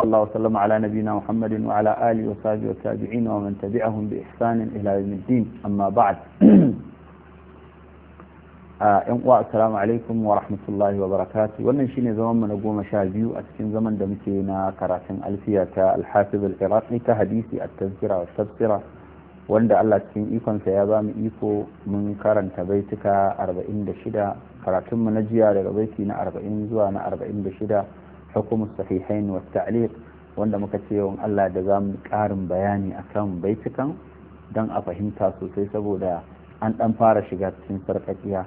صلى الله وسلم على نبينا محمد وعلى آله وصحبه والتابعين ومن تبعهم بإحسان إلى يوم الدين أما بعد uwa assalamu alaikum wa rahmatullahi wa barakatuh wannan shine zaman mu na goma sha biyu a cikin zaman da muke na karatun alfiya ta alhafiz al-iraqi ta hadisi a tazkira wa tafsira wanda Allah cikin ikon sa ya bamu iko mun karanta baituka 46 karatun mu na jiya daga baiti na 40 zuwa na shida. حكم الصحيحين والتعليق wanda muka ce yawan Allah da za mu ƙarin bayani a kan baitukan don a fahimta sosai saboda an ɗan fara shiga cikin sarƙaƙiya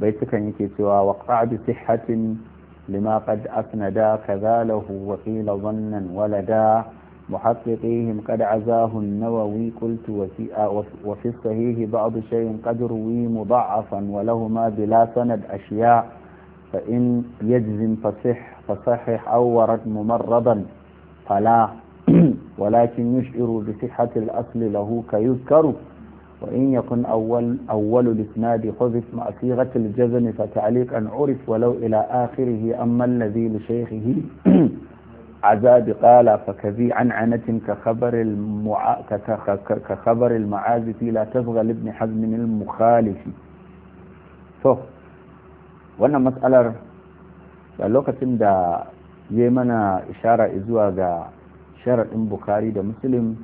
baitukan yake cewa wa ƙa'adu sihatin lima qad asnada ka zalahu wa ƙila wannan walada muhaqqiqihim qad azahu nawawi qultu wa fi wa fi sahihi ba'd shay'in qad ruwi mudha'afan wa lahu ma bila sanad ashiya fa in yajzim fa فصحح أو ورد ممرضا فلا ولكن يشعر بصحة الأصل له كيذكر وإن يكن أول, أول الإسناد حذف مع صيغة الجزم فتعليقا عرف ولو إلى آخره أما الذي لشيخه عذاب قال فكذي عن عنة كخبر المع... كخبر المعازف لا تبغى لابن حزم المخالف so وانا مسألة a lokacin da ya mana ishara zuwa ga sharaɗin bukari da musulun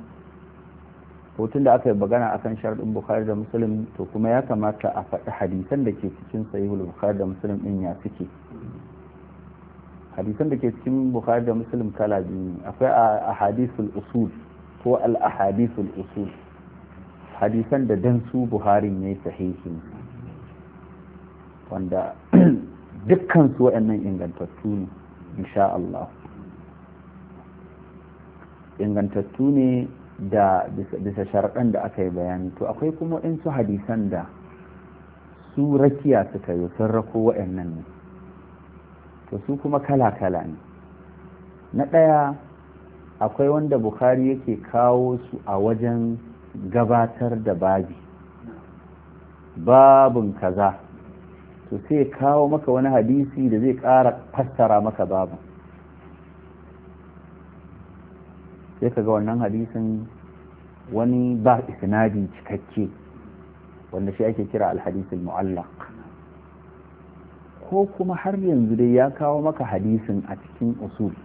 hotun da aka yi magana akan sharaɗin bukari da musulun to kuma ya kamata a faɗi hadisan da ke cikin sahihul bukari da musulun ɗin ya suke hadisan da ke cikin bukari da musulun kala biyu akwai a hadisul usul ko al ahadisul usul hadisan da dan su buharin ya yi sahihi wanda dukkan su waɗannan ingantattu ne insha Allah ingantattu ne da bisa sharaɗan da aka yi bayani to akwai kuma in su hadisan da su rakiya suka yi sun rako waɗannan ne to su kuma kala-kala ne na ɗaya akwai wanda bukari yake kawo su a wajen gabatar da babi babin kaza to sai kawo maka wani hadisi da zai ƙara fassara maka babu sai ka ga wannan hadisin wani ba isnadi cikakke wanda shi ake kira alhadisul mu'allaq ko kuma har yanzu dai ya kawo maka hadisin a cikin usul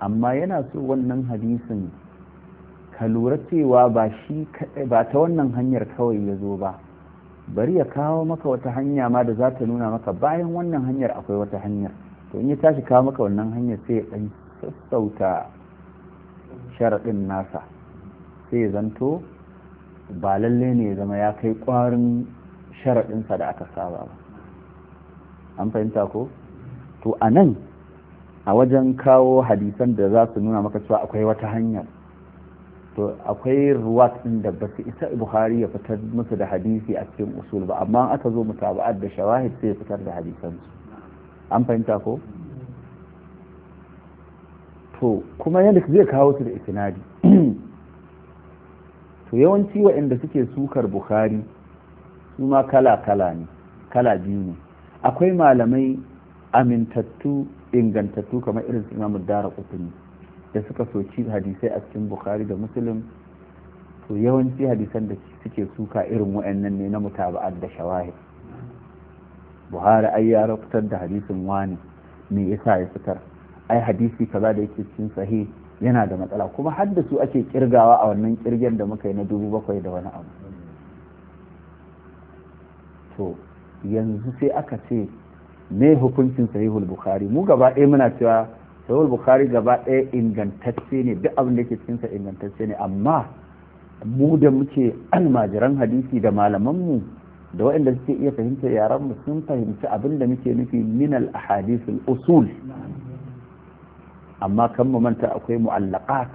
amma yana so wannan hadisin ka lura cewa ba shi ba ta wannan hanyar kawai ya zo ba bari ya kawo maka wata hanya ma da za ta nuna maka bayan wannan hanyar akwai wata hanyar to in ya tashi kawo maka wannan hanyar sai ya ɗan sassauta sharaɗin nasa sai ya zanto ba lalle ne ya zama ya kai ƙwarin sharaɗinsa da aka saba ba an fahimta ko to a nan a wajen kawo hadisan da za su nuna maka cewa akwai wata hanyar to akwai ruwat ɗin da ba su isa buhari ya fitar musu da hadisi a cikin usul ba amma aka zo mutaba'at da shawahid sai ya fitar da hadisansu an fahimta ko to kuma yadda zai kawo su da isnadi to yawanci waɗanda suke sukar bukhari su ma kala-kala ne kala biyu ne akwai malamai amintattu ingantattu kamar irin su Imam dara kutuni da suka soci hadisai a cikin bukhari da muslim to yawanci hadisan da suke suka irin wa'annan ne na mutaba'ar da shawahi buhari ai ya rafutar da hadisin wani me yasa ya fitar ai hadisi kaza da yake cikin sahi yana da matsala kuma har da su ake kirgawa a wannan kirgen da muka yi na dubu bakwai da wani abu to yanzu sai aka ce me hukuncin sahihul bukhari mu gaba ɗaya muna cewa sahihul bukhari gaba ɗaya ingantacce ne duk abin da ke cikin sa ingantacce ne amma mu da muke almajiran hadisi da malaman mu da waɗanda suke iya fahimta yaran mu sun fahimci abin da muke nufi min al ahadith al usul amma kan mu manta akwai mu'allaqat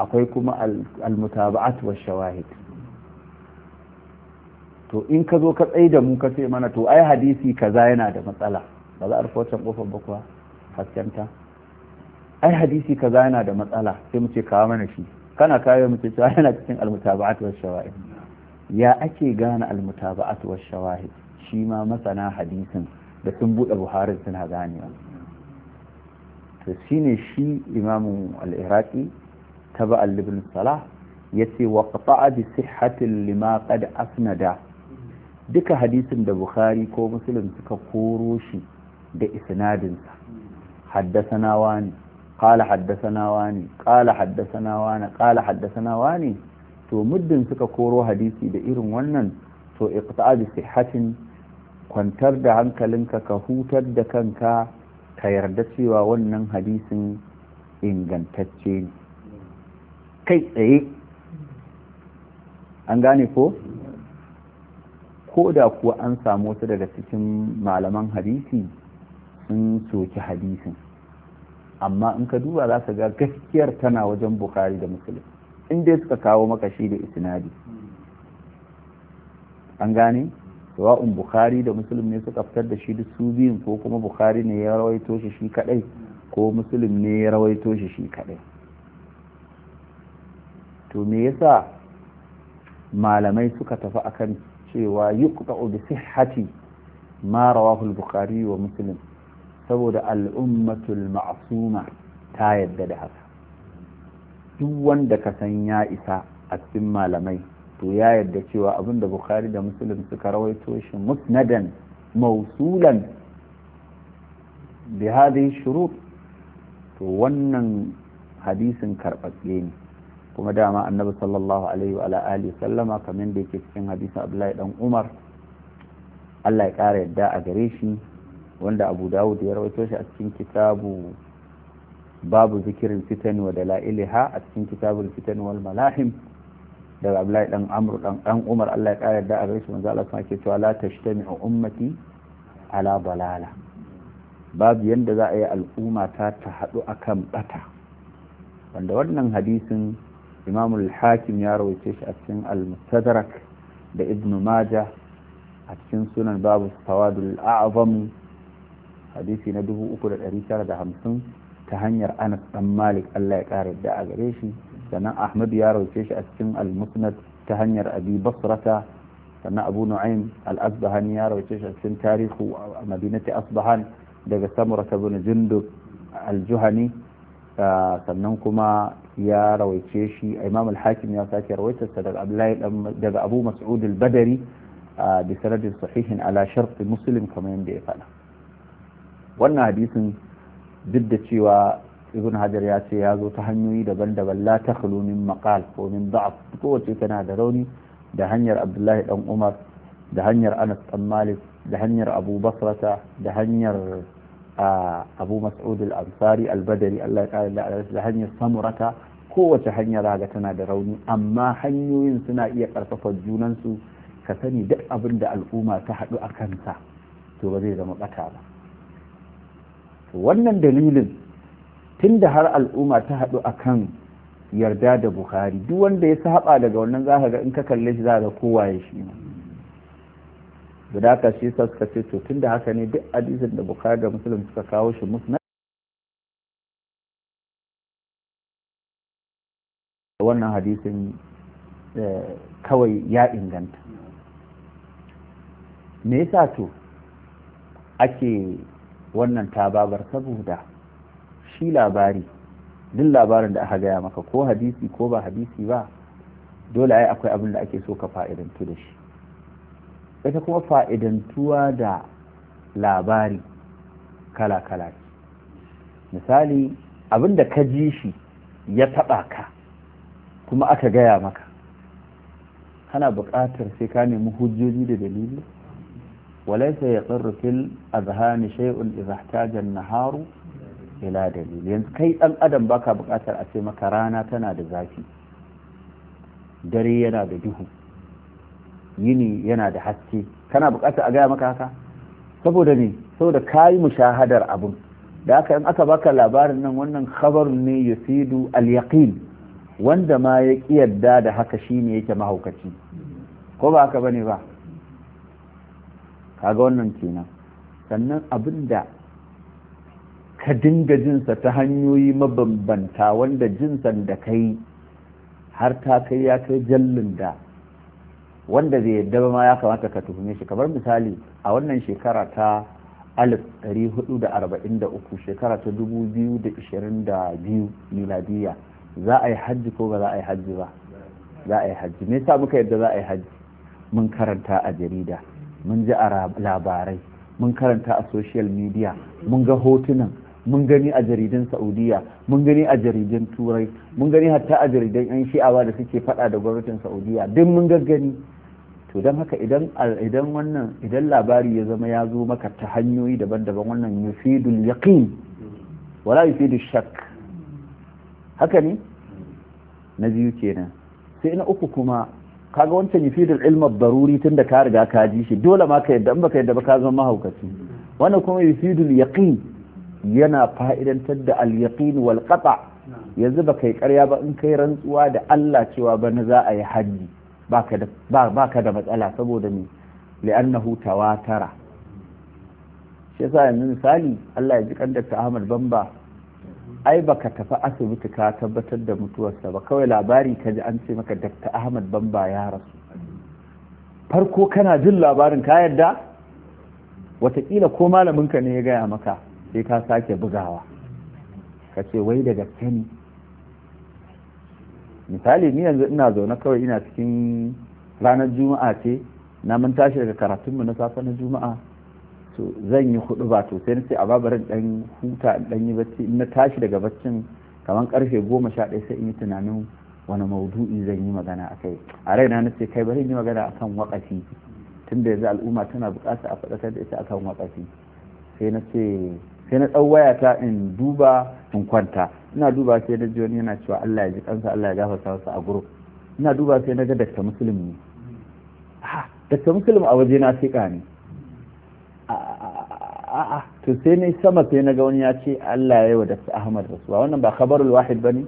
akwai kuma al mutaba'at wa shawahid to in ka zo ka tsaye da mu ka ce mana to ai hadisi kaza yana da matsala ba za a rufe wancan kofar ba kuwa haskenta ai hadisi kaza yana da matsala sai mu ce kawo mana shi kana kawo mu ce cewa yana cikin almutaba'at wa ya ake gane almutaba'at wa shawahid shi ma masana hadisin da sun bude buhari suna ganewa to shine shi imamu al-iraqi taba ibn salah yace wa qata'a bi sihhati lima qad asnada duka hadisin da bukhari ko muslim suka koro shi da isnadinsa حدثنا واني قال حدثنا واني قال حدثنا وانا قال حدثنا واني to muddin suka koro hadisi da irin wannan to iqta'a bi sihhatin kwantar da hankalinka ka hutar da kanka ka yarda cewa wannan hadisin ingantacce ne kai tsaye an gane ko ko da kuwa an samu wasu daga cikin malaman hadisi In soki hadisin amma in ka duba za ka ga gaskiyar tana wajen bukari da musulun in dai suka kawo maka shi da isnadi an gane sawa'un bukari da musulun ne suka fitar da shi duk su biyun ko kuma bukari ne ya rawaito shi shi kadai ko musulun ne ya rawaito shi shi kadai to me yasa malamai suka tafi akan cewa yuqta'u bi sihhati ma rawahu al-bukhari wa muslim saboda al'ummatul ma'asuma ta yadda da haka duk wanda ka san ya isa a cikin malamai to ya yadda cewa abin da bukhari da musulun suka rawaito shi musnadan mausulan da hadhihi shuru to wannan hadisin karɓaɓɓe ne kuma dama annabi sallallahu alaihi wa alihi sallama kamar da yake cikin hadisin abdullahi dan umar Allah ya ƙara yadda a gare shi wanda abu dawud ya rawaito shi a cikin kitabu babu zikirin fitan wa dala'iliha a cikin kitabul fitan wal malahim daga abdullahi dan amru dan dan umar Allah ya kare da a gaisu manzo Allah kuma ke cewa la tashtami'u ummati ala balala babu yanda za a yi al'umma ta ta haɗu akan bata wanda wannan hadisin Imam al-Hakim ya rawaice shi a cikin al-Mustadrak da Ibn Majah a cikin sunan babu fawadul a'zam hadisi na hamsin ta hanyar anas dan malik allah ya kare da a gare shi sannan ahmad ya rauce shi a cikin al-musnad ta hanyar abi basrata sannan abu nu'aym al-asbahani ya rauce shi a cikin tarihu madinati asbahan daga samurata bin jundub al-juhani ah, sannan kuma ya rawaice shi imam al-hakim ya sake rawaitarsa daga abdullahi daga abu mas'ud al-badari ah, bi sanadin sahihin ala shart muslim kamar yadda ya faɗa wannan hadisin duk da cewa ibn hajar ya ce ya zo ta hanyoyi daban-daban la ta min maqal ko min da'af kowace tana da rauni da hanyar abdullahi dan umar da hanyar anas dan malik da hanyar abu basrata da hanyar abu mas'ud al-ansari al-badri Allah ya kare da hanyar samurata kowace hanyar za ga tana da rauni amma hanyoyin suna iya karfafa junansu ka sani duk abin da al'umma ta haɗu a kansa to ba zai zama ɓata ba wannan dalilin tun da har al'umma ta haɗu a kan yarda da buhari duk wanda ya saɓa daga wannan za ga in ka kalle shi za ga kowa ya shi ne guda ka shi sa ce to tun da haka ne duk hadisin da Buhari da musulun suka kawo shi musna wannan hadisin eh, kawai ya inganta me yasa to ake wannan tababar saboda shi labari duk labarin da aka gaya maka ko hadisi ko ba hadisi ba dole ai akwai abin da ake so ka fa'idantu da shi ita kuma fa'idantuwa da labari kala-kala misali abin da ka ji shi ya taɓa ka kuma aka gaya maka kana bukatar sai ka nemi hujjoji da dalili وليس يقر في الأذهان شيء إذا احتاج النهار إلى دليل يعني كي الأدم باكا بقاتل أسيما كرانا تنا دزاكي دري ينا دجهو yini yana da haske kana bukatar a gaya maka haka saboda ne saboda kayi mushahadar abun da haka in aka baka labarin nan wannan khabarun ne yusidu al-yaqin wanda ma ya yadda da haka shine yake mahaukaci ko ba haka bane ba kaga wannan kenan sannan abin da ka dinga jinsa ta hanyoyi mabambanta wanda jinsan da ka yi har ta kai ya kai jallin da wanda zai yadda ba ma ya kamata ka tuhume shi kamar misali a wannan shekara ta 1443 shekara ta 2022 miladiya za a yi hajji ko ba za a yi hajji ba za a yi hajji me samuka muka yadda za a yi hajji mun karanta a jarida mun ji a labarai mun karanta a social media mun ga hotunan mun gani a jaridan saudiya mun gani a jaridan turai mun gani hatta a jaridan yan shi'awa da suke fada da gwamnatin saudiya duk mun gani to don haka idan idan wannan idan labari ya zama ya zo maka ta hanyoyi daban-daban wannan yufidul yaqin wala yufidu shak haka ne na biyu kenan sai na uku kuma kaga wancan yufidul ilma daruri tunda ka riga ka ji shi dole ma ka yadda in baka yadda ba ka zama mahaukaci wannan kuma yufidul yaqin yana fa'idantar da al yaqin wal qata yanzu baka yi ƙarya ba in kai rantsuwa da Allah cewa ba na za a yi haji baka da da matsala saboda me li'annahu tawatara shi yasa yanzu misali Allah ya ji kan Dr. Ahmad Bamba ai baka tafi asibiti ka tabbatar da mutuwarsa ba kawai labari ka ji an ce maka Dr. Ahmad Bamba ya rasu farko kana jin labarin ka yadda watakila ko malaminka ne ya gaya maka sai ka sake bugawa ka ce wai da gaske misali ni yanzu ina zaune kawai ina cikin ranar juma'a ce na mun tashi daga karatunmu na safe na juma'a to zan yi hudu ba to sai sai a babarin dan huta dan yi bacci in na tashi daga baccin kamar karfe goma sha ɗaya sai in yi tunanin wani maudu'i zan yi magana a kai a raina na ce kai bari yi magana akan wakafi tun da yanzu al'umma tana bukata a faɗakar da ita akan wakafi sai na ce sai na ɗau ta in duba in kwanta ina duba sai na ji wani yana cewa Allah ya ji kansa Allah ya gafarta masa a gurup ina duba sai na ga dakta musulmi ne ah, dakta musulmi a waje na sika ne a'a to sai ne sama sai na ga wani ya ce Allah ya wada Ahmad rasuwa wannan ba khabarul wahid bane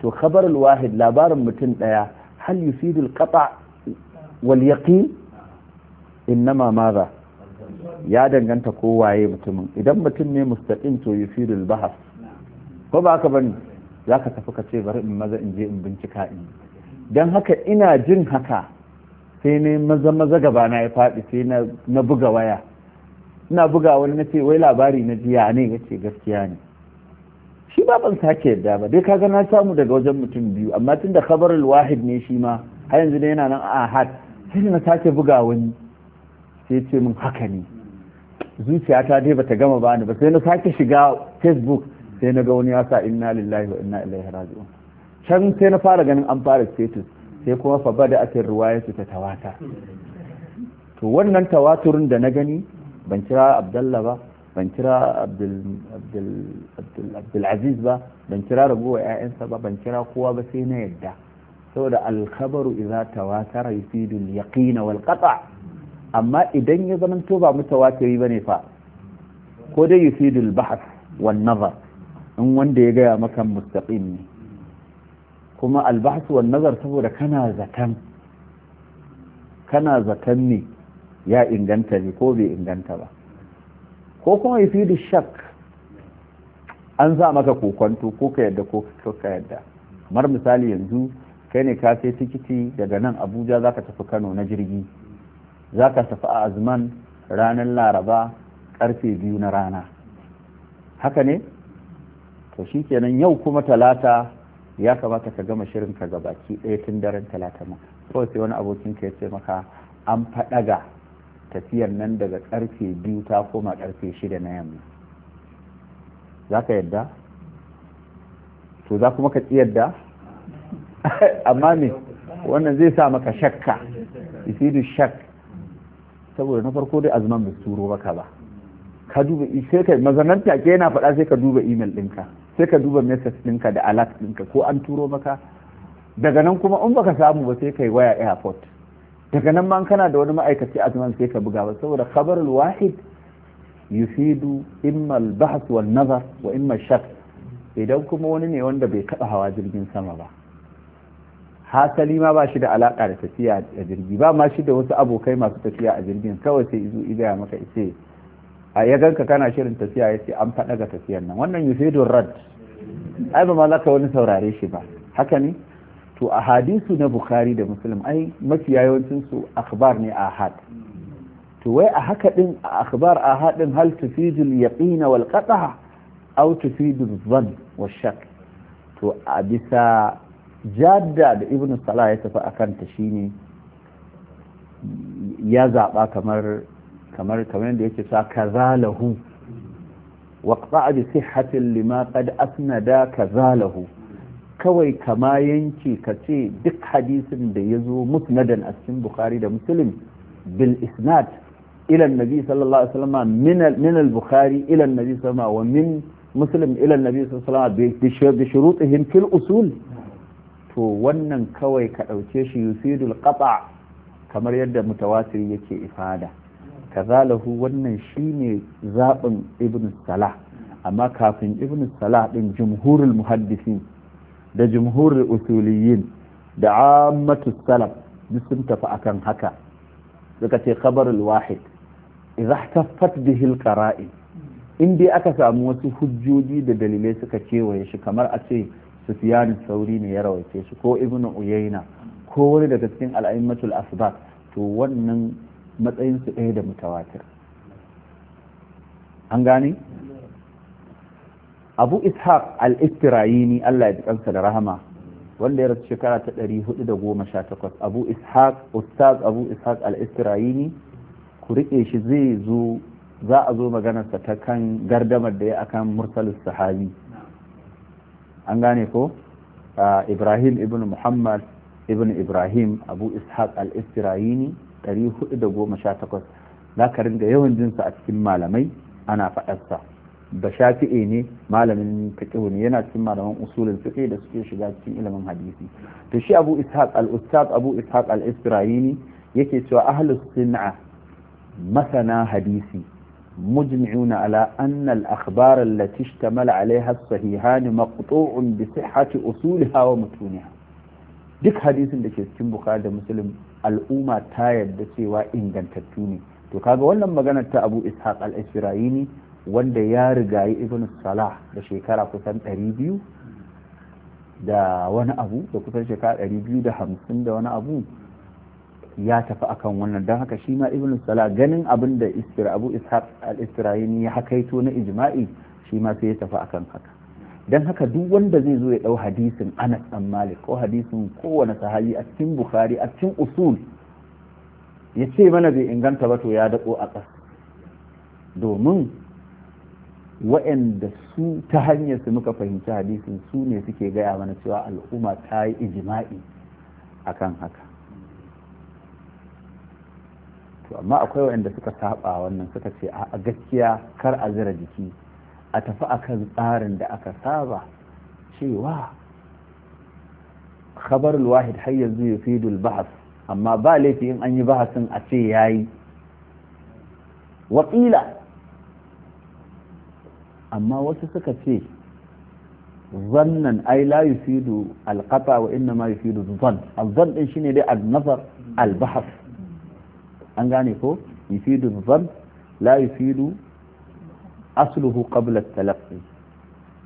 to khabarul wahid labarin mutum ɗaya, hal yufidul qata wal yaqin innama madha ya danganta ko waye mutumin idan mutum ne mustaqim to yufidul bahas ko ba haka bane zaka tafi ka ce bari in maza in je in bincika in dan haka ina jin haka sai ne maza maza gabana ya faɗi sai na buga waya ina buga wani na ce wai labari na jiya ne ya ce gaskiya ne shi ba ban sake yadda ba dai kaga na samu daga wajen mutum biyu amma tunda khabarul wahid ne shi ma har yanzu ne yana nan a ahad sai na sake buga wani sai ce min haka ne zuciyata dai bata gama ba ni ba sai na sake shiga facebook sai na ga wani ya sa inna lillahi wa inna ilaihi raji'un can sai na fara ganin an fara status sai kuma fa bada atir su ta tawata to wannan tawaturin da na gani ban kira abdalla ba ban kira abdulaziz ba ban kira ragowa 'ya'yansa ba ban kira kowa ba sai na yadda saboda alkhabaru idza tawatara yufidu al-yaqin wal qata amma idan ya zama to ba mutawatiri bane fa ko dai yufidu al-bahth wan nazar in wanda ya gaya maka mustaqim ne kuma al-bahth wan nazar saboda kana zakan kana zakan ne ya inganta ne ko bai inganta ba ko kuma ya fi da shak an za maka kokonto ko ka yadda ko ka yadda kamar misali yanzu kai ne ka sai tikiti daga nan abuja za ka tafi kano na jirgi za ka tafi a azman ranar laraba karfe biyu na rana haka ne to shi kenan yau kuma talata ya kamata ka gama shirin ka baki ɗaya tun daren talata ma kawai sai wani abokin ka ya ce maka an faɗaga tafiyar nan daga karfe biyu ta koma karfe shida na yamma za ka yadda to za kuma ka ƙi yadda amma me wannan zai sa maka shakka isidu shak saboda na farko dai azuman bai turo maka ba ka duba sai ka mazanar take yana faɗa sai ka duba email ɗinka sai ka duba message ɗinka da alert ɗinka ko an turo maka daga nan kuma in baka samu ba sai kai waya airport daga nan ma kana da wani ma'aikaci a zaman sai ka buga ba saboda khabarul wahid yufidu imma al-bahth wa nazar wa imma shak idan kuma wani ne wanda bai taba hawa jirgin sama ba hasali ma ba shi da alaka da tafiya a jirgi ba ma shi da wasu abokai masu tafiya a jirgin kawai sai izu ya maka ice a ya ganka kana shirin tafiya ya ce an faɗa ga tafiyar nan wannan yufidu rad ai ba ma za ka wani saurare shi ba haka ne to a hadisu na bukhari da musulun ai mafiya yawancinsu akhbar ne ahad to wai a haka din a akhbar ahad din hal tufidul yaqina wal qata aw tufidul dhann wal shak to a bisa jadda da ibnu salah ya tafi akan ta shine ya zaba kamar kamar kamar da yake sa kazalahu waqta'a bi sihhatin lima qad asnada kazalahu kawai kama yanke ka ce duk hadisin da ya zo musnadan a cikin bukhari da muslim bil isnad ila nabi sallallahu alaihi wasallam min al bukhari ila nabi sallallahu wa min muslim ila nabi sallallahu alaihi wasallam bi shurutihim fil usul to wannan kawai ka dauke shi yusidul qata kamar yadda mutawatir yake ifada kazalahu wannan shine zaɓin ibn salah amma kafin ibn salah din jumhurul muhaddisin da jumhurin usuliyin da ammatu salaf duk sun tafi akan haka suka ce khabarul wahid idza ihtaffat bihi alqara'i in dai aka samu wasu hujjoji da dalilai suka kewaye shi kamar a ce sufyan sauri ne ya rawaice shi ko ibnu uyayna ko wani daga cikin al'aimatul asbat to wannan matsayin su ɗaya da mutawatir an gane abu ishaq al iftirayini Allah ya kansa da rahama wanda ya rasu shekara ta 418 abu ishaq ustaz abu ishaq al iftirayini ku riƙe shi zai zo za a zo maganarsa ta kan gardamar da ya akan mursalus sahabi an gane ko ibrahim ibn muhammad ibn ibrahim abu ishaq al iftirayini 418 za ka ringa yawan jinsa a cikin malamai ana faɗarsa ba shafi'e ne malamin fiqh ne yana cikin malaman usulul fiqh da suke shiga cikin ilimin hadisi to shi Abu Ishaq al-Ustad Abu Ishaq al-Isra'ini yake cewa ahlus sun'a masana hadisi مجمعون على أن الأخبار alaiha sahihani عليها الصحيحان مقطوع بصحة أصولها ومتونها duk hadisin da ke cikin bukari da al-umma ta yadda cewa ingantattu ne to kaga wannan maganar ta abu ishaq al-isra'ini wanda ya rigayi ibn salah da shekara kusan 200 da wani abu da kusan shekara 250 da wani abu ya tafi akan wannan don haka shi ma ibn salah ganin abin da abu ishaq al-isra'ini ya hakaito na ijma'i shi ma sai ya tafi akan haka don haka duk wanda zai zo ya dau hadisin anas dan malik ko hadisin kowane sahabi a cikin bukhari a cikin usul ya ce mana bai inganta ba to ya dako a ƙasa domin wa'anda su ta hanyar su muka fahimci hadisin su ne suke gaya mana cewa al'umma ta yi ijima'i akan haka to amma akwai wa'anda suka saba wannan suka ce a gaskiya kar a zira jiki a tafi akan tsarin da aka saba cewa khabar wahid har yanzu ya fi bahas amma ba laifi in an yi bahasin a ce yayi waƙila amma wasu suka ce zannan ai la yufidu alqata wa inna ma yufidu zan azzan din shine dai al-nazar al-bahth an gane ko yufidu zan la yufidu asluhu qabla at-talaqqi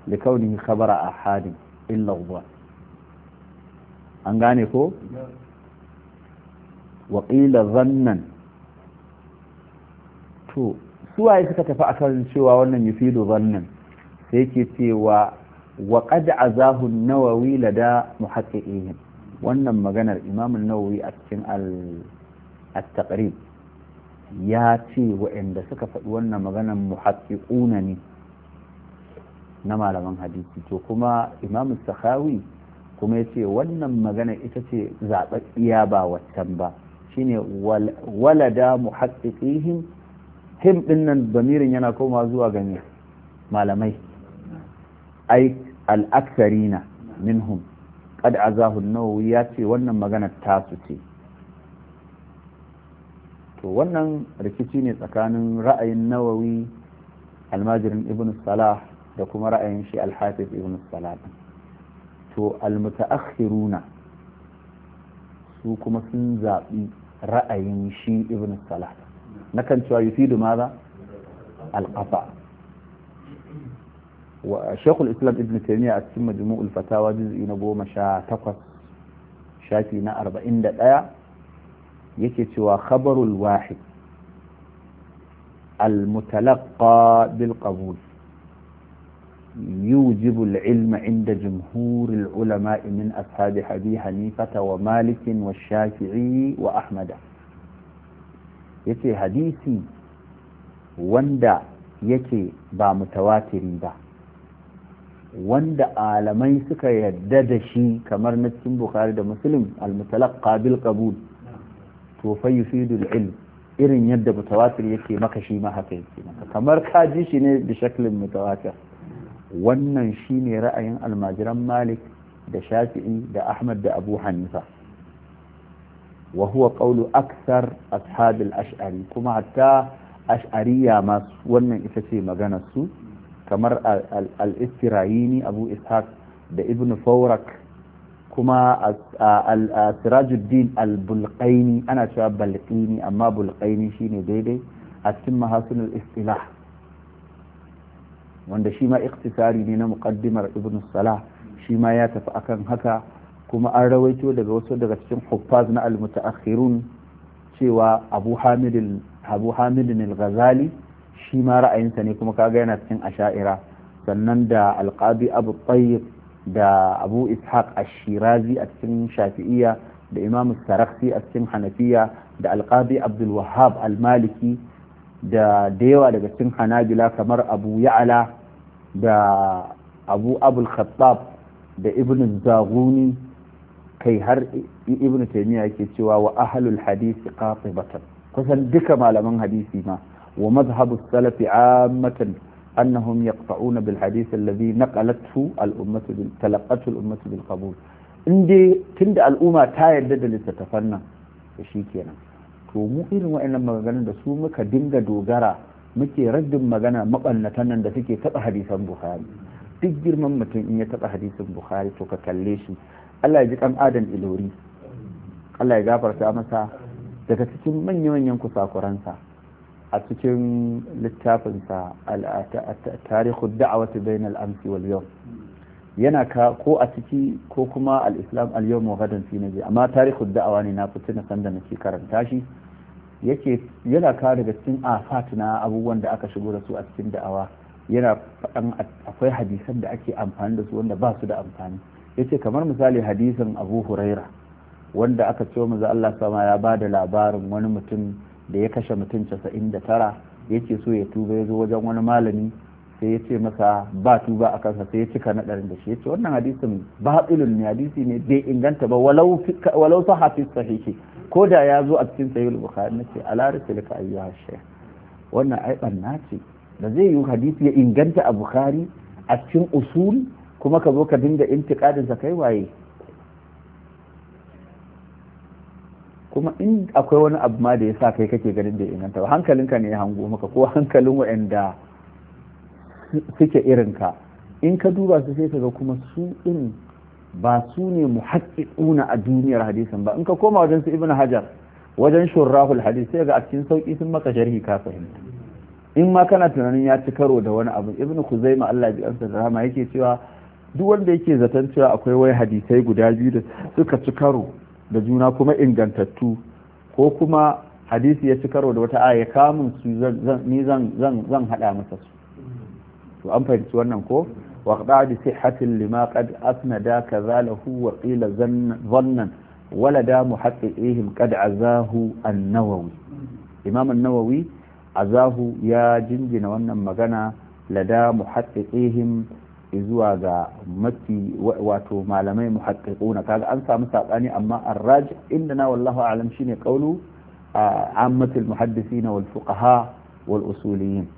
likawnihi khabara ahadin illa dhann an gane ko wa qila zannan to suwaye suka tafi akan cewa wannan yufidu zannan sai yake cewa wa qad azahu an-nawawi lada muhaqqiqin wannan maganar imam an-nawawi a cikin al-taqrib ya ce waɗanda suka faɗi wannan maganar muhaqqiquna ne na malaman hadisi to kuma imam sakhawi kuma ya ce wannan magana ita ce zaɓaɓɓiya ba waccan ba shine walada muhaqqiqihim him ɗin nan bamirin yana koma zuwa ga malamai ai al'aksarina minhum qad azahu nawawi ya ce wannan magana tasu ce to wannan rikici ne tsakanin ra'ayin nawawi almajirin ibn salah da kuma ra'ayin shi alhafiz ibn salah to al-muta'akhiruna su kuma sun zaɓi ra'ayin shi ibn salah نكن شو يفيد ماذا القطع وشيخ الإسلام ابن تيمية أتسمى جموع الفتاوى جزء ينبو مشا تقص شاكي نأر بإن يكي شو خبر الواحد المتلقى بالقبول يوجب العلم عند جمهور العلماء من أصحاب حبي حنيفة ومالك والشافعي وأحمد yace hadisi wanda yake ba mutawatiri ba wanda alamai suka yadda da shi kamar na cikin bukhari da muslim al-mutalaqqa bil qabul to fa yufidu ilm irin yadda mutawatir yake maka shi ma haka yake maka kamar ka ji shi ne bi shaklin mutawatir wannan shine ra'ayin almajiran malik da shafi'i da ahmad da abu hanifa wa huwa qawlu aksar ashab ashari kuma hatta ash'ariya ma wannan ita ce maganar su kamar al-istirayini abu ishaq da ibn fawrak kuma sirajuddin al-bulqaini ana cewa balqini amma bulqaini shine daidai a cikin mahasinul istilah wanda shi ma iktisari ne na muqaddimar ibn salah shi ma ya tafi akan haka kuma an rawaito daga wasu daga cikin huffaz na al-mutaakhirun cewa abu hamid abu al-ghazali shi ma ra'ayinsa ne kuma kaga yana cikin asha'ira sannan da alqabi abu tayyib da abu ishaq ash-shirazi a cikin shafi'iyya da imam sarakhsi a cikin hanafiya da alqabi abdul wahhab al-maliki da da yawa daga cikin hanabila kamar abu ya'la da abu abul khattab da ibn zaguni kai har ibn taymiya yake cewa wa ahlul hadisi qatibatan kusan duka malaman hadisi ma wa mazhabu salafi ammatan annahum yaqta'una bil hadith alladhi naqalathu al ummatu bil talaqatu al ummatu bil qabul inde tunda al'umma ta yarda da littattafan nan shi kenan to mu irin wa'annan maganganun da su muka dinga dogara muke raddin magana maballatan nan da suke taɓa hadisan bukhari duk girman mutum in ya taɓa hadisin bukhari to ka kalle shi Allah ya ji ɗan adam ilori Allah ya gafarta masa daga cikin manya-manyan kusakuransa a cikin littafinsa tarihu da'awati bainal amsi wal yau yana ka ko a ciki ko kuma al-islam al-yau mughadin fi nabi amma tarihu da'awa ne na na sanda nake karanta shi yake yana ka daga cikin afat na abubuwan da aka shigo da su a cikin da'awa yana faɗan akwai hadisan da ake amfani da su wanda ba su da amfani yace kamar misali hadisin abu huraira wanda aka ce manzo Allah sama ya ba da labarin wani mutum da ya kashe mutum 99 yace so ya tuba ya zo wajen wani malami sai yace masa ba tuba a kansa sai ya cika na ɗarin da shi ya ce wannan hadisin batilun ne hadisi ne bai inganta ba walau sahafi sahihi ko da ya zo a cikin sahihul bukhari na ce ala rasulika ayyuha shaykh wannan ai banna ce da zai yi hadisi ya inganta a bukhari a cikin usul kuma ka zo ka dinga intiƙadinsa kai waye kuma in akwai wani abu ma da ya sa kai kake ganin da inganta ba hankalinka ne ya hango maka ko hankalin waɗanda suke irinka in ka duba su sai ka ga kuma su in ba su ne muhaƙiƙuna a duniyar hadisin ba in ka koma wajen su ibn hajar wajen shurrahul hadis sai ga a cikin sauƙi sun maka sharhi ka fahimta in ma kana tunanin ya ci karo da wani abu ibn kuzaima Allah bi ansa da rahama yake cewa duk wanda yake zaton cewa akwai wai hadisai guda biyu da suka ci karo da juna kuma ingantattu ko kuma hadisi ya ci karo da wata aya kamun su ni zan haɗa masa su to an fahimci wannan ko waqda sai sihhatin lima qad asnada kazalahu wa qila zannan walada muhaqqiqihim qad azahu an-nawawi imam an-nawawi azahu ya jinjina wannan magana lada muhaqqiqihim zuwa ga mafi wato malamai na kaga an samu sabani amma arraj inda na wallahu alam shine qawlu ammatul muhaddisin wal fuqaha wal usuliyin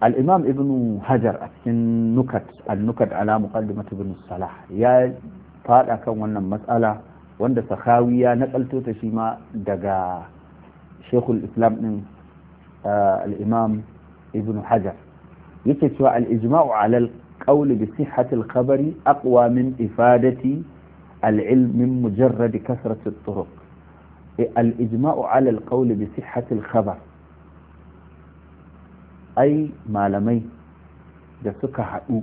الإمام ابن هجر أتكن نكت النكت على مقدمة ابن الصلاح ya faɗa kan wannan matsala wanda sahawi ya nakalto ta shi ma daga shekul islam din alimam ibn hajar yake cewa alijma'u ijmau alal qawli bi sihhati khabari aqwa min ifadati al mujarradi min mujarrad kasrat at-turuq e, al-ijma'u qawli bi sihhati khabar ai malamai da suka haɗu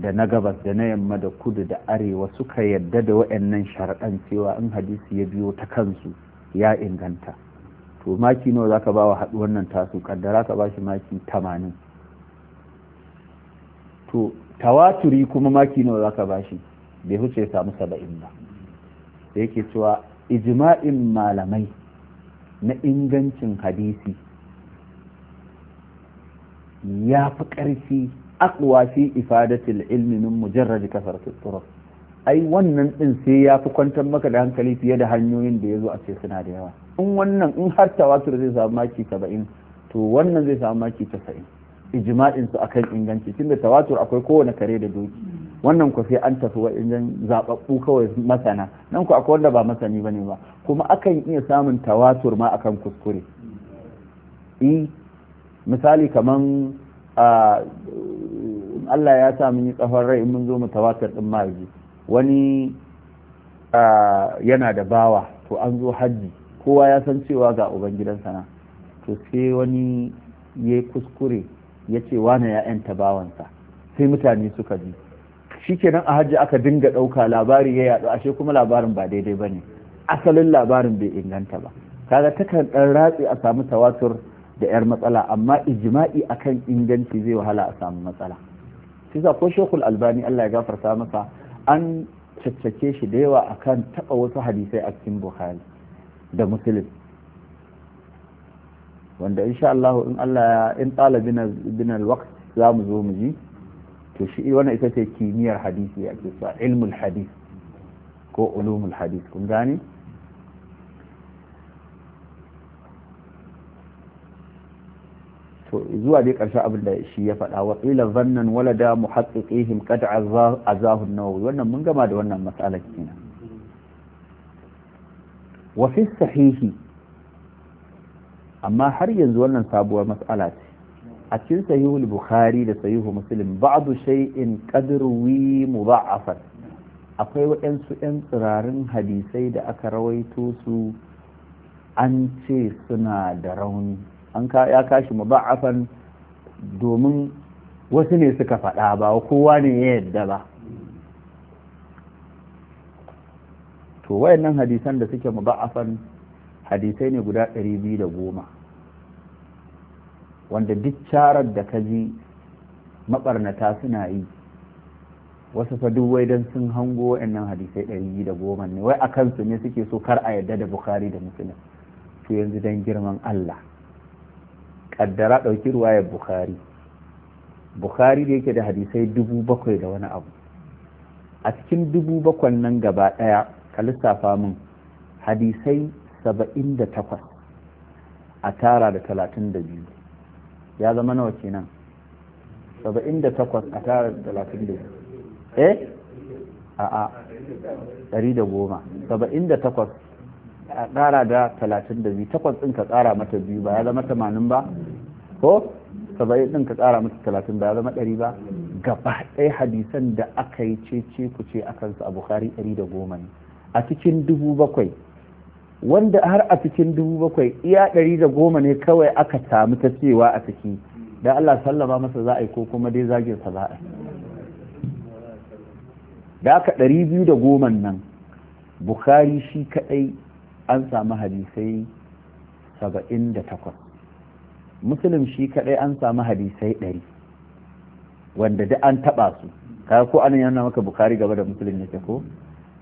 da na gabas da na yamma da kudu da arewa suka yadda da waɗannan sharaɗan cewa in hadisi ya biyo ta kansu ya inganta to maki nawa zaka ba wa haɗu nan tasu kaddara ka ba maki tamanin to tawaturi kuma maki nawa zaka bashi bai huce ya samu saba'in ba da yake cewa ijma'in malamai na ingancin hadisi ya fi ƙarfi aqwa fi ifadatil ilmi min mujarrad kasratu turuq ai wannan din sai ya fi kwantar maka da hankali fiye da hanyoyin da yazo a ce suna da yawa in wannan in har tawatur zai samu maki saba'in to wannan zai samu maki tasa'in ijma'in su akan inganci tunda tawatur akwai kowane kare da doki wannan ku sai an tafi wajen zababbu kawai masana nan ku akwai wanda ba masani bane ba kuma akan iya samun tawatur ma akan kuskure i misali kaman Allah ya sa mun yi kafar rai mun zo mu tawatur din ma'aji wani yana da bawa to an zo hajji kowa ya san cewa ga ubangidansa na to sai wani ya kuskure ya ce wane ya yanta bawansa sai mutane suka ji shikenan a hajji aka dinga ɗauka labari ya yaɗu ashe kuma labarin ba daidai ba ne asalin labarin bai inganta ba kaga takan ɗan ratse a samu tawatur da 'yar matsala amma ijma'i akan inganci zai wahala a samu matsala shi ko shekul albani allah ya gafarta masa an caccake shi da yawa akan taɓa wasu hadisai a cikin bukhari da musulun wanda insha Allah in Allah ya in tsala bin alwaqt za mu zo mu ji to shi wannan ita ce kimiyyar hadisi ake sa ilmul hadis ko ulumul hadis kun gane to zuwa dai karshe abin da shi ya faɗa wa ila zannan walada muhaqqiqihim qad azahu an-nawawi wannan mun gama da wannan matsalar kenan wa sahihi amma har yanzu wannan sabuwar mas'ala ce a cikin sahihul bukhari da sahihu muslim ba'du shay'in qadruwi mudha'afan akwai waɗansu 'yan tsirarin hadisai da aka rawaito su an ce suna da rauni an ya kashi mudha'afan domin wasu ne suka faɗa ba kowa ne ya yadda ba to wayannan hadisan da suke muba'afan hadisai ne guda 210 wanda duk carar da ka ji mabarnata suna yi wasu fa duk wai dan sun hango wayannan hadisai 210 ne wai a kansu ne suke so kar a yadda da bukhari da muslim to yanzu dan girman Allah kaddara ɗauki ruwayar bukhari bukhari da yake da hadisai dubu bakwai da wani abu a cikin dubu bakwai nan gaba ɗaya ka lissafa min hadisai saba'in da takwas a tara da talatin da biyu ya zama nawa kenan saba'in da takwas a tara da talatin da biyu eh a a ɗari da goma saba'in da takwas a tara da talatin da biyu takwas ɗin ka tsara mata biyu ba ya zama tamanin ba ko saba'in ɗin ka tsara mata talatin ba ya zama ɗari ba gaba ɗaya hadisan da aka yi cece ku ce su a bukari ɗari da goma ne a cikin dubu bakwai wanda har a cikin dubu bakwai iya ɗari da goma ne kawai aka samu ta cewa a ciki da Allah sallama masa za a yi ko kuma dai zagin sa za a yi da aka ɗari biyu da goma nan bukari shi kaɗai an samu hadisai saba'in da takwas musulun shi kaɗai an samu hadisai ɗari wanda duk an taɓa su kaya ko anan yana maka bukari gaba da musulun yake ko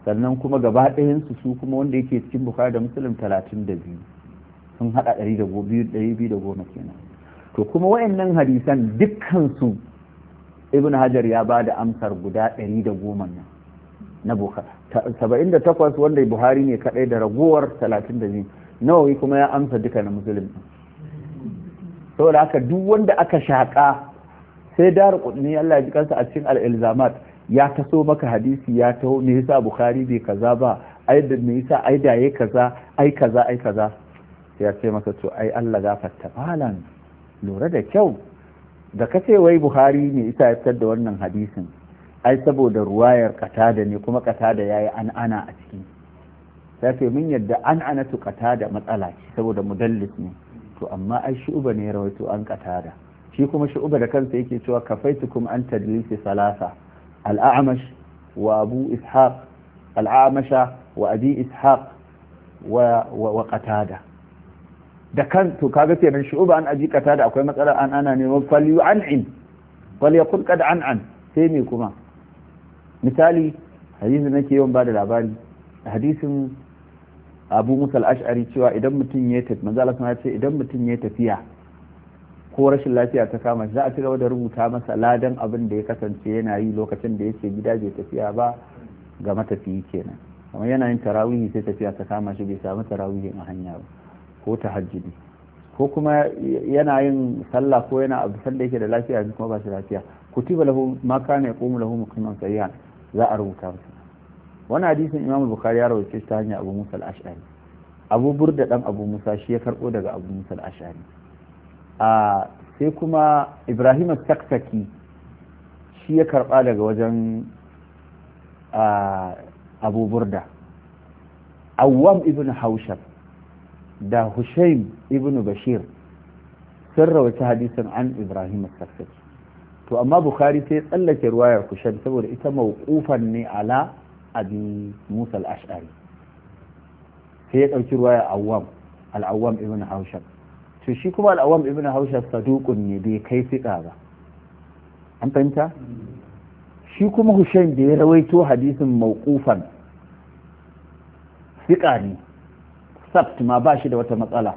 sannan kuma gaba ɗayansu su kuma wanda yake cikin bukari da musulun talatin da biyu sun haɗa ɗari da biyu da goma kenan to kuma wayannan hadisan dukkansu ibn hajar ya ba da amsar guda ɗari da goma nan na bukari saba'in da takwas wanda buhari ne kaɗai da ragowar talatin da biyu nawawi kuma ya amsa duka na musulun saboda haka duk wanda aka shaƙa sai dar kudni Allah ya ji kansa a cikin al ya taso maka hadisi ya taho me yasa bukhari bai kaza ba ai da me yasa ai da yayi kaza ai kaza ai kaza ya ce masa to ai Allah gafarta falan lura da kyau da kace wai bukhari ne isa ya fitar da wannan hadisin ai saboda ruwayar katada ne kuma katada yayi an ana a ciki ta ce mun yadda an ana tu matsala ce saboda mudallis ne to amma ai uba ne ya rawaito an katada shi kuma uba da kansa yake cewa kafaitukum an tadlisi salasa الأعمش وأبو إسحاق الأعمش وأبي إسحاق و... و... وقتادة da kan to kaga kenan shu'uba an aji kata da akwai matsala an ana neman falyu an in wal yaqul qad an an sai me kuma misali hadisin nake yawan bada labari hadisin Abu Musa al-Ash'ari cewa idan mutum ya tafi manzo Allah ya ce idan mutum ya tafiya ko rashin lafiya ta kama za a ci gaba da rubuta masa ladan abin da ya kasance yana yi lokacin da yake gida bai tafiya ba ga matafiyi kenan kamar yana yin tarawihi sai tafiya ta kama shi bai samu tarawihi a hanya ba ko tahajjudi ko kuma yana yin sallah ko yana abu sanda yake da lafiya kuma ba shi lafiya kutiba lahu ma kana yaqumu lahu muqiman sayyan za a rubuta masa wannan hadisin imam bukhari ya rawaito ta hanya abu musa al-ash'ari abu burda dan abu musa shi ya karbo daga abu musa al-ash'ari a sai kuma ibrahim taksaki shi ya karba daga wajen abuburda awam awwam ibn haushar da hushaim ibn bashir sun rawaci hadisin an ibrahim taksaki to amma bukhari sai tsallake ruwayar hushaim saboda ita mawqufan ne ala abi musa al-ash'ari sai ya ɗauki ruwayar awwam al awam ibn haushar to shi kuma al'awam ibn hausha sadukun ne bai kai fiɗa ba an fahimta shi kuma hushain da ya rawaito hadisin mauƙufan fiƙa ne sabt ma ba shi da wata matsala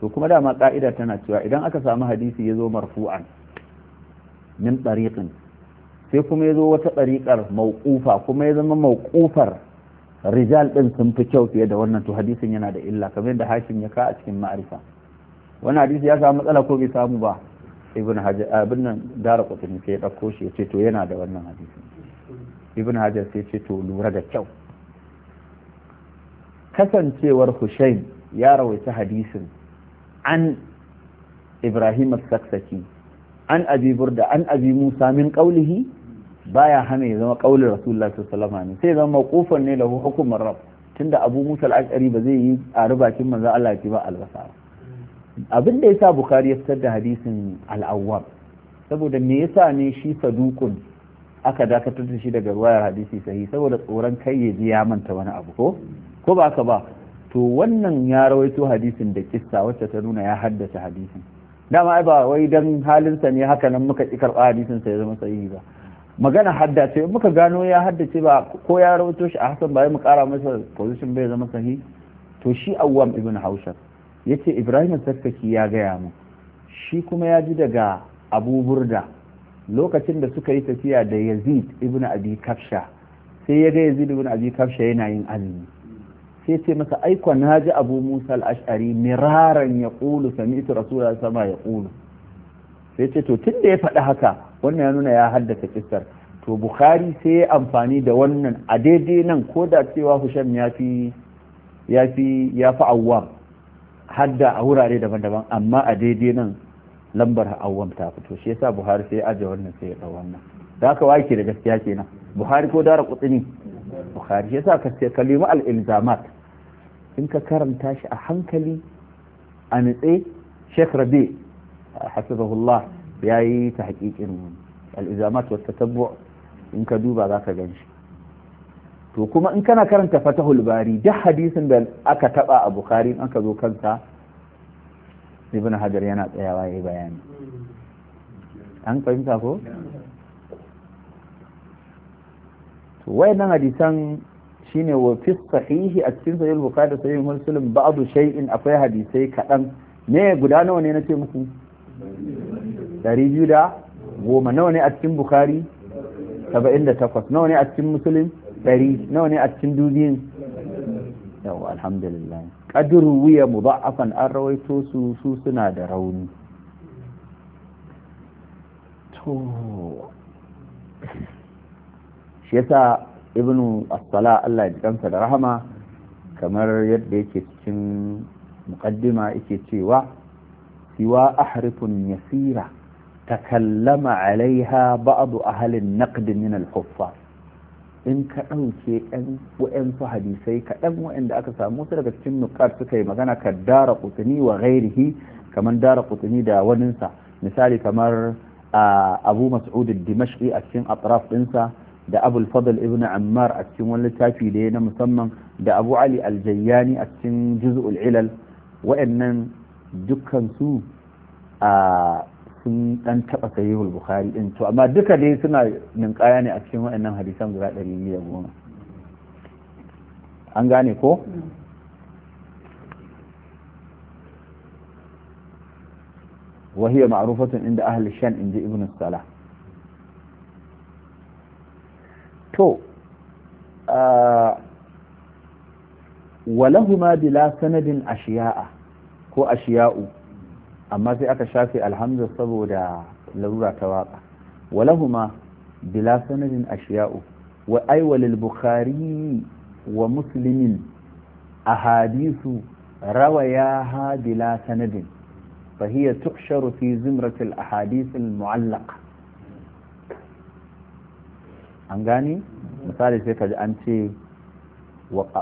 to kuma dama ƙa'ida tana cewa idan aka samu hadisi ya zo marfu'an min ɗariƙin sai kuma ya zo wata ɗariƙar mauƙufa kuma ya zama mauƙufar rijal ɗin sun fi kyau fiye da wannan to hadisin yana da illa kamar yadda hakim ya ka a cikin ma'arifa wannan hadisi ya samu matsala ko bai samu ba ibn hajar abin nan dara kwatanni sai ya ɗauko shi ya ce to yana da wannan hadisi ibn hajar sai ce to lura da kyau kasancewar hushain ya rawaita hadisin an ibrahim as-saksaki an abi burda an abi musa min qawlihi baya hana ya zama kaulin rasulullahi sallallahu alaihi wasallam sai zama maqufan ne lahu hukumar rabb tunda abu musa al ba zai yi a rubakin manzon Allah ki ba albasa abin da yasa bukhari ya fitar da hadisin al-awwab saboda me yasa ne shi sadukun aka dakatar da shi daga ruwayar hadisi sahi saboda tsoron kai ya ji ya manta wani abu ko ko ba ka ba to wannan ya rawaito hadisin da kissa wacce ta nuna ya haddace hadisin dama ai ba wai dan halinsa ne haka nan muka ki karɓa hadisin sa ya zama sahihi ba magana haddace muka gano ya haddace ba ko ya rawato shi a hasan ba mu kara masa position bai zama sahi to shi awwam ibn haushar yace ibrahim sarkaki ya gaya mu shi kuma ya ji daga abu burda lokacin da suka yi tafiya da yazid ibn abi kafsha sai ya ga yazid ibn abi kafsha yana yin azumi sai ce masa aikon na ji abu musa al-ash'ari miraran ya ƙulu sami'tu rasulullahi sama ya kulu. sai ce to tun da ya faɗi haka wannan ya nuna ya haddasa kissar to bukhari sai ya amfani da wannan a daidai nan ko da cewa husham ya fi ya fi ya hadda a wurare daban-daban amma a daidai nan lambar awwam ta fito shi yasa buhari sai ya aje wannan sai ya ɗau wannan da haka wake da gaskiya kenan buhari ko dara kutsini buhari shi yasa ka ce kalima al-ilzamat in ka karanta shi a hankali a nitse shekh rabi hasibahullah ya yi ta hakikin al'izamat wata tabbu in ka duba za ka gan to kuma in kana karanta fatahul bari duk hadisin da aka taba a bukari an ka zo kansa ibn hajar yana tsayawa ya bayani an fahimta ko to wayannan hadisan shine wa fi sahihi a cikin sahih bukhari da sahih muslim ba'du shay'in akwai hadisai kadan ne guda nawa ne nace muku biyu da goma nawa ne a cikin bukari saba'in da takwas nawa ne a cikin musulun ɗari nawa ne a cikin dubiyin yau alhamdulillah Kadiru wuya mu ba ba'afan an rawaito su su suna da rauni to shi yasa ibnu as-sala Allah ya kansa da rahama kamar yadda yake cikin muqaddima yake cewa siwa ahrifun yasira takallama alaiha ba'du ahalin naqd min al in ka ɗauke ɗan wa'yansu hadisai kaɗan wa'yanda aka samu su daga cikin nukar suka yi magana ka dara kutuni wa ghairihi kamar dara kutuni da waninsa misali kamar abu mas'ud dimashqi a cikin atraf ɗinsa da abul fadl ibn ammar a cikin wani littafi da na musamman da abu ali aljayyani a cikin juz'ul ilal wa'annan dukkansu a sun dan taba sahihul bukhari din to amma duka dai suna ninkaya ne a cikin wa'annan hadisan guda ɗari biyu an gane ko وهي معروفة عند أهل الشان عند ابن الصلاة تو آه ولهما بلا سند أشياء ko ashiya'u amma sai aka shafe alhamza saboda larura ta waka walahuma bila sanadin shiya'u wa aiwalil bukhari wa muslimin ahadisu rawayaha bila sanadin فهي تحشر في زمرة الأحاديث المعلقة an gane misali sai ka ji an ce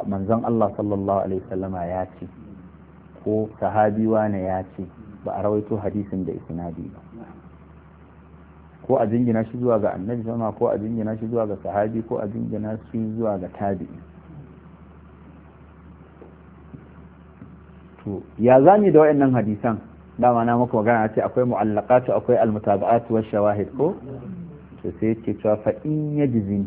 manzon Allah sallallahu alaihi ya ce ko sahabi wane ya ce ba a rawaito hadisin da isnadi ba ko a jingina shi zuwa ga annabi sama ko a jingina shi zuwa ga sahabi ko a jingina shi zuwa ga tabi'i to ya zami da wayannan hadisan dama na muku magana ce akwai mu'allaqatu akwai almutaba'atu wa shawahid ko to sai ce cewa fa in yajzi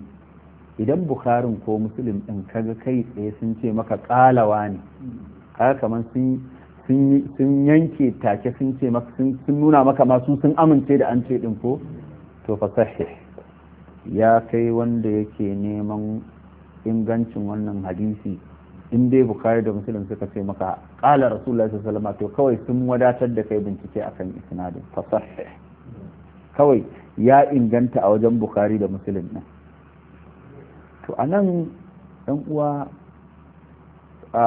idan bukharin ko muslim din kaga kai tsaye sun ce maka qalawa ne kaga kaman sun yanke take sun ce sun nuna maka masu sun amince da an ce din ko to fa sahih ya kai wanda yake neman ingancin wannan hadisi in dai bukari da musulun suka ce maka kala rasulullah sallallahu alaihi to kawai sun wadatar da kai bincike akan isnadin fa sahih kawai ya inganta a wajen bukari da musulun din to anan dan uwa a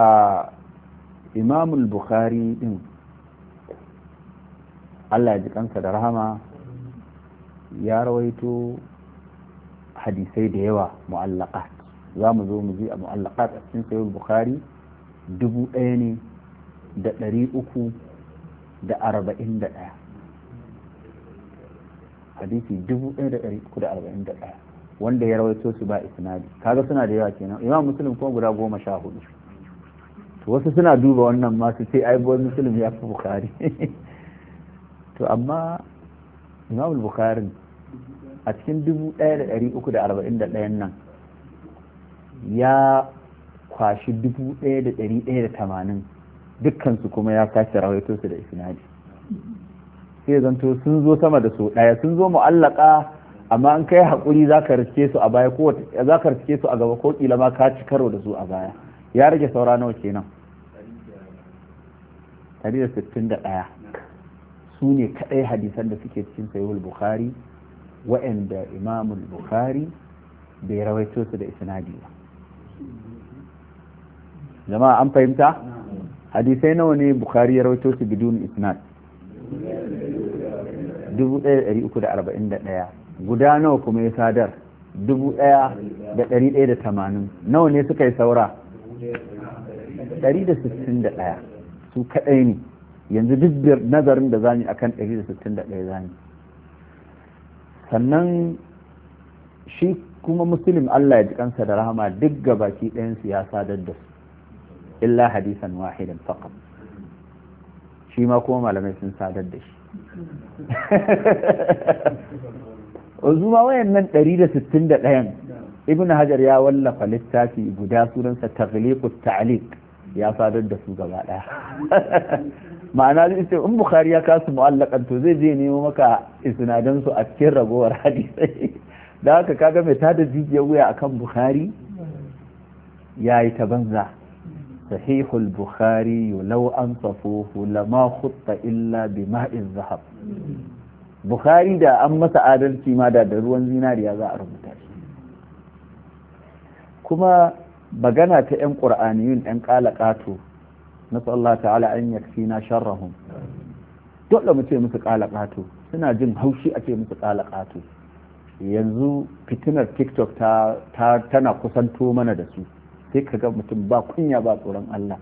imamul bukhari din allah ya ji kansa da rahama ya rawaito hadisai da yawa mu'allaka za mu zo mu ji a mu'allaka a cikin sayar bukhari dubu ɗaya ne da ɗari uku da arba'in da ɗaya hadisi dubu ɗaya da ɗari uku da arba'in da ɗaya wanda ya rawaito su ba isnadi kaga suna da yawa kenan imam muslim kuma guda goma sha hudu wasu suna duba wannan masu ce ai buwar musulun ya fi bukari to amma imamul bukarin a cikin 1341 nan ya kwashi 1180 dukkansu kuma ya kashe rawaito su da isnadi sai zanto sun zo sama da su ɗaya sun zo mu'allaka amma an kai hakuri za ka riske su a baya ko za ka riske su a gaba ko kila ma ka ci karo da su a baya ya rage saura nawa kenan 161 su ne kadai hadisan da suke cikin sahihul bukhari wa'anda imamul bukhari bai rawaito su da isnadi ba jama'a an fahimta hadisai nawa ne bukhari ya rawaito su bidun isnad 1341 guda nawa kuma ya sadar 1180 nawa ne suka yi saura 161 su kaɗai ne yanzu duk nazarin da zami akan 161 zami sannan shi kuma musulun Allah ya ji kansa da rahama duk gabaki ɗayansu ya sadar da su illa hadisan wahidan faqat shi ma kuma malamai sun sadar da shi wanzu ma wayan nan 161 ibn hajar ya wallafa littafi guda sunansa taghliqut ta'liq ya sadar da su gaba daya ma'ana zai ce in bukhari ya kasu mu'allakan to zai je nemo maka isnadan su a cikin ragowar hadisai da haka kaga mai tada jijiyar wuya akan bukhari yayi ta banza Bukhari البخاري لو أنصفوه لما خط إلا بماء الذهب Bukhari da an masa adalci ma da da ruwan zinariya za a rubuta kuma magana ta 'yan qur'aniyun 'yan ƙalaƙato na Allah ta'ala an yakfi na sharrahum dole mu ce musu ƙalaƙato suna jin haushi a ce musu ƙalaƙato yanzu fitinar tiktok ta, tana kusanto mana da su sai ka ga mutum ba kunya ba tsoron Allah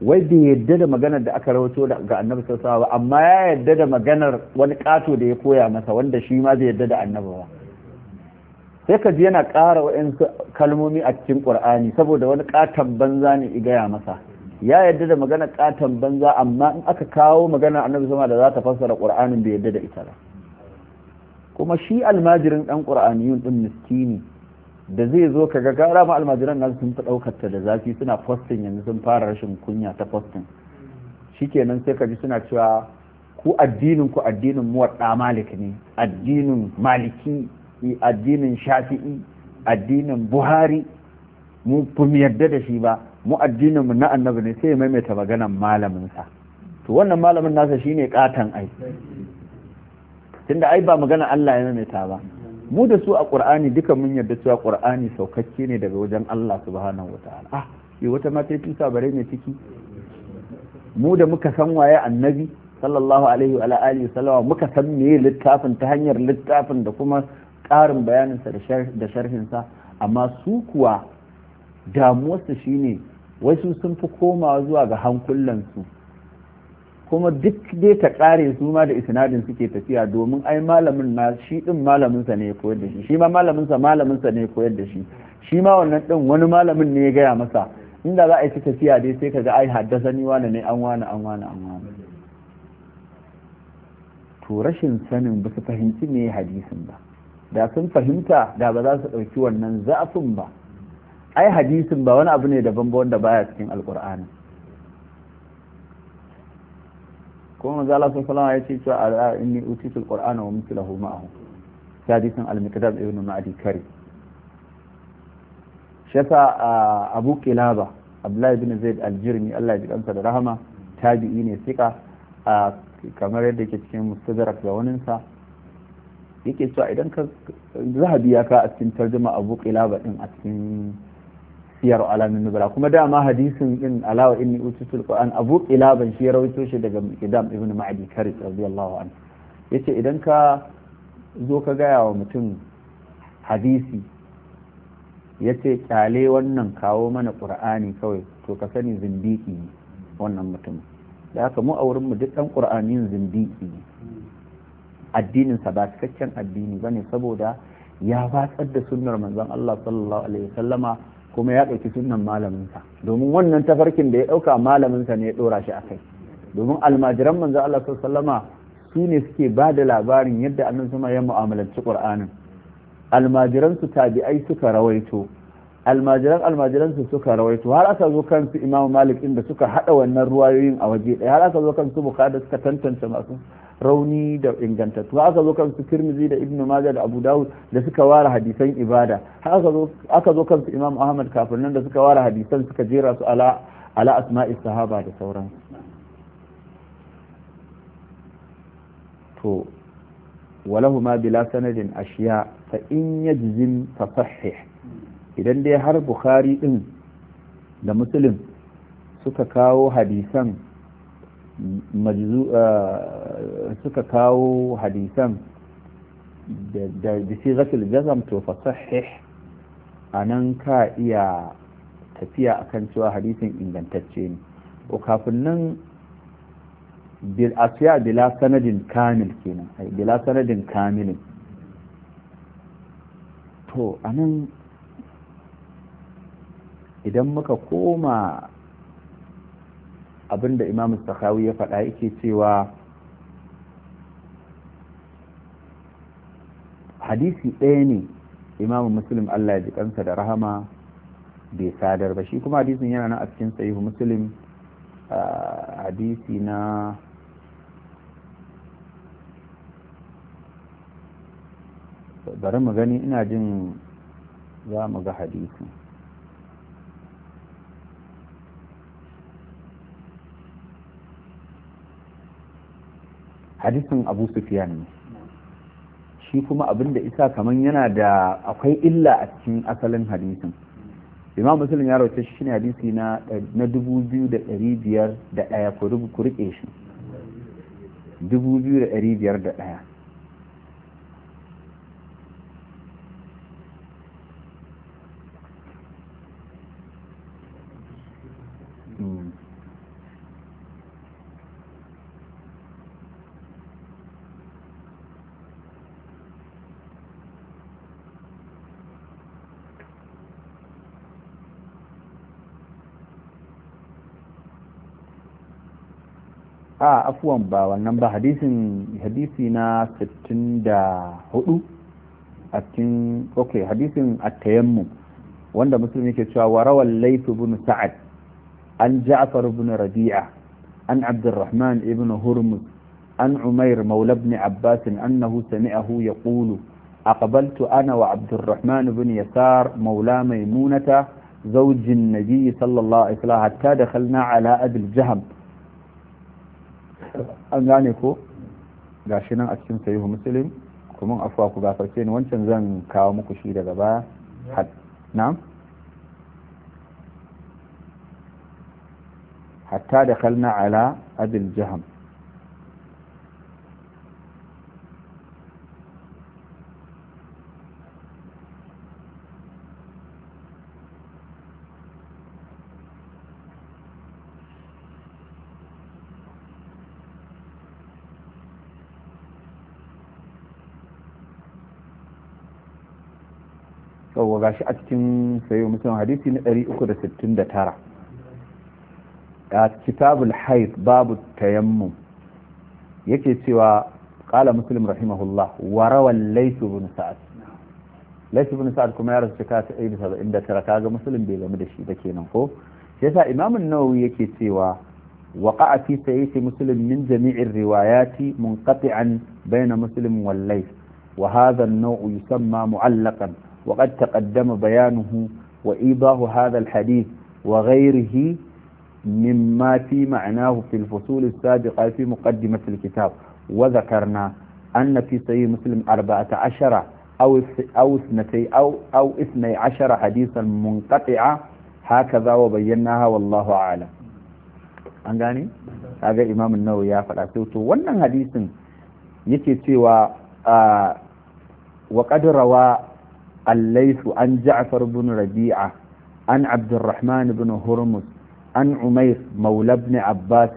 wai bai yadda da maganar da aka rawato ga annabi sallallahu alaihi amma ya yadda da maganar wani ƙato da ya koya masa wanda shi ma bai yadda da annabi ba sai ka ji yana ƙara wa'insu kalmomi a cikin ƙur'ani saboda wani ƙaton banza ne i gaya masa ya yadda da magana ƙaton banza amma in aka kawo magana annabi sama da za ta fassara ƙur'anin bai yadda da ita ba kuma shi almajirin ɗan ƙur'aniyun ɗin miskini da zai zo ka ga gara ma almajiran nan sun fi ɗaukar ta da zafi suna fostin yanzu sun fara rashin kunya ta postin shikenan sai ka ji suna cewa ku addinin ku addinin muwaɗa malik ne addinin maliki addinin shafi'i addinin buhari mu mu yadda da shi ba mu addinin mu na annabi ne sai ya maimaita maganan malamin sa to wannan malamin nasa shine katan ai tunda ai ba magana Allah ya maimaita ba mu da su a Qur'ani duka mun yarda cewa Qur'ani saukakke ne daga wajen Allah subhanahu wataala ah shi wata mata ta tusa bare ne ciki mu da muka san waye annabi sallallahu alaihi wa alihi muka san me littafin ta hanyar littafin da kuma ƙarin bayaninsa da sharhinsa amma su kuwa damuwarsa shine wasu sun fi komawa zuwa ga hankulansu kuma duk dai ta ƙare su ma da isnadin suke tafiya domin ai malamin na shi din malaminsa ne ya koyar da shi shi ma malaminsa malaminsa ne ya koyar da shi shi ma wannan din wani malamin ne ya gaya masa inda za a yi tafiya dai sai ka ga ai haddasa ni wane ne an wane an wane an wane to rashin sanin ba su fahimci me hadisin ba da sun fahimta da ba za su ɗauki wannan zafin ba ai hadisin ba wani abu ne daban ba wanda baya cikin alkur'ani kuma manzo Allah sallallahu alaihi ya ce cewa inni utitul qur'ana wa mithluhu ma'ahu hadisin al-miqdad ibn ma'adi kari shafa abu kilaba abdullahi ibn zaid al-jirmi Allah ya ji kansa da rahama tabi'i ne sika kamar yadda yake cikin mustadrak da waninsa yake cewa idan ka zahabi ya ka a cikin tarjuma abu qilaba din a cikin siyar alamin nubala kuma dama hadisin din alawa inni ututul qur'an abu qilaban shi ya rawaito shi daga idam ibn ma'adi kari radiyallahu anhu yace idan ka zo ka gaya wa mutum hadisi yace kyale wannan kawo mana qur'ani kawai to ka sani zindiki wannan mutum da haka mu a wurin mu duk dan qur'anin zindiki ne addininsa ba cikakken addini ba ne saboda ya watsar da sunnar manzon Allah sallallahu alaihi wasallama kuma ya ɗauki sunnan malaminsa domin wannan tafarkin da ya ɗauka malaminsa ne ya ɗora shi a kai domin almajiran manzon Allah sallallahu alaihi wasallama su ne suke ba da labarin yadda annabi sama ya mu'amalanci Qur'anin almajiran su tabi'ai suka rawaito almajiran almajiran su suka rawaito har aka zo kan su Imam Malik inda suka hada wannan ruwayoyin a waje ɗaya har aka zo kan su Bukhari suka tantance masu rauni da ingantattu aka zo kansu kirmizi da ibnu majah da abu dawud da suka ware hadisan ibada aka zo kansu imam ahmad kafin nan da suka ware hadisan suka jera su ala ala asma'i sahaba da sauran to walahu ma bila sanadin ashiya fa in yajzim fa sahih idan dai har bukhari din da muslim suka kawo hadisan Ah, suka kawo hadisan da bisigatul jazam to fa a nan ka iya tafiya a kan cewa hadisin ingantacce ne o kafin nan bil bila sanadin kamil kenan bila sanadin kamilin to a nan idan muka koma abinda imam sakhawi ya faɗa yake cewa hadisi ɗaya ne imam muslim allah ya ji kansa da rahama bai sadar ba shi kuma hadisin yana nan a cikin sahihu muslim hadisi na bari mu gani ina jin za mu ga hadisi hadisin abu sufiyan ne shi kuma abin da isa kamar yana da akwai illa a cikin asalin hadisin imam muslim ya rauce shi ne hadisi na na dubu biyu da ɗari biyar da ɗaya ku riƙe shi dubu biyu da ɗari biyar da ɗaya a afuwan ba wannan ba hadisin hadisi na da a cikin ok hadisin attayammu wanda musulmi yake cewa wa rawal layth ibn sa'ad an ja'far ibn rabi'a an abdurrahman ibn hurmus an umair maula ibn abbas annahu sami'ahu yaqulu aqbaltu ana wa abdurrahman ibn yasar maula zaujin zawjin nabi sallallahu alaihi wasallam hatta dakhalna ala abil jahm an gane ko gashi nan a cikin sahihu muslim kuma afuwa ku gafarce ni wancan zan kawo muku shi daga baya na hatta da kalna ala abin jaham yawwa gashi a cikin sayo musulun hadisi na 369 a kitabul haif babu tayammum yake cewa kala muslim rahimahullah wa rawan laysu bin sa'ad laysu bin sa'ad kuma ya rasu shekara ta 179 kaga muslim bai gamu da shi ba kenan ko shi yasa imam an-nawawi yake cewa وقع في سيئة riwayati من جميع الروايات منقطعا بين مسلم والليث وهذا النوع يسمى معلقا وقد تقدم بيانه وإيضاح هذا الحديث وغيره مما في معناه في الفصول السابقة في مقدمة الكتاب وذكرنا أن في صحيح مسلم أربعة عشر أو أو اثنتي أو أو اثني عشر حديثا منقطعة هكذا وبيناها والله أعلم an gane kaga imam nawawi ya faɗa sai to wannan hadisin yake cewa wa qad rawa الليث عن جعفر بن ربيعة عن عبد الرحمن بن هرمز عن عمير مولى بن عباس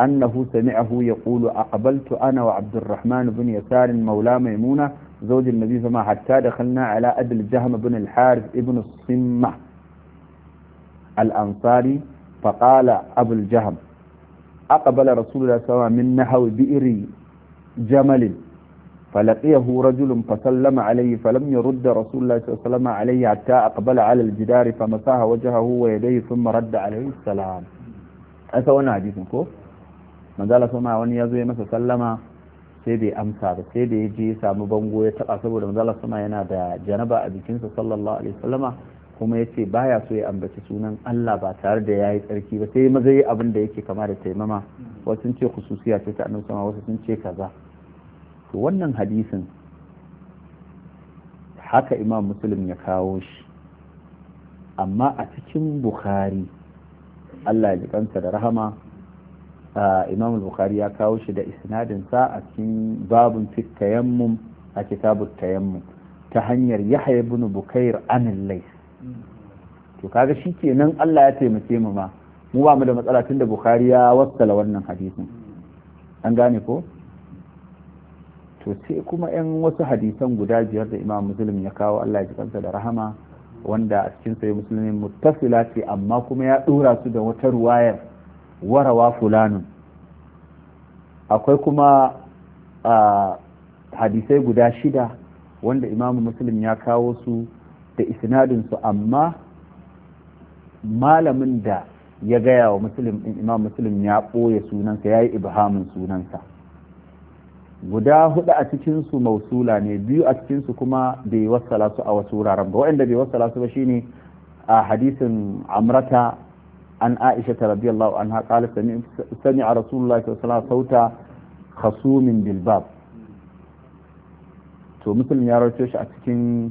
أنه سمعه يقول أقبلت أنا وعبد الرحمن بن يسار مولى ميمونة زوج النبي صلى الله عليه وسلم حتى دخلنا على أبي الجهم بن الحارث ابن الصمة الأنصاري فقال أبو الجهم أقبل رسول الله صلى الله عليه وسلم من نحو بئر جمل فلقيه رجل فسلم عليه فلم يرد رسول الله صلى الله عليه وسلم عليه حتى أقبل على الجدار فمساه وجهه ويديه ثم رد عليه السلام أسا وانا حديث كو ما قال سمع وان يزوي مسا سلم سيدي أمسا سيدي يجي سامو بانغو يتقع سبو ما قال سمع ينا دا جنبا أبي كنسا صلى الله عليه وسلم kuma ya ce ba ya so ya ambaci sunan Allah ba tare da ya yi tsarki ba sai maza yi abin da yake kama da taimama wasu sun ce khususiya ce ta annabi wasu sun ce kaza to wannan hadisin haka imam muslim ya kawo shi amma a cikin bukhari allah ya jikanta da rahama imam bukhari ya kawo shi da isnadinsa a cikin babun fitayen tayammum a kitabut tayammum ta hanyar yahya ibn bukair an lais to kaga shi kenan allah ya taimake mu ma mu ba mu da matsala tun da bukhari ya wassala wannan hadisin an gane ko to sai kuma yan wasu hadisan guda biyar da imam muslim ya kawo Allah ya jikansa da rahama wanda a cikin sai musulmi muttasila ce amma kuma ya dora su da wata ruwayar warawa fulanun akwai kuma hadisai guda shida wanda imam muslim ya kawo su da isnadinsu amma malamin da ya gaya wa muslim din imam muslim ya ɓoye sunansa ya yi ibhamin sunansa guda hudu a cikinsu mausula ne biyu a cikinsu kuma bai wassala su a wasu wuraren ba wanda bai wassala su ba shine a hadisin amrata an aisha ta radiyallahu an qala sani a rasulullahi sallallahu alaihi sauta khasumin bilbab to muslim ya rawaito shi a cikin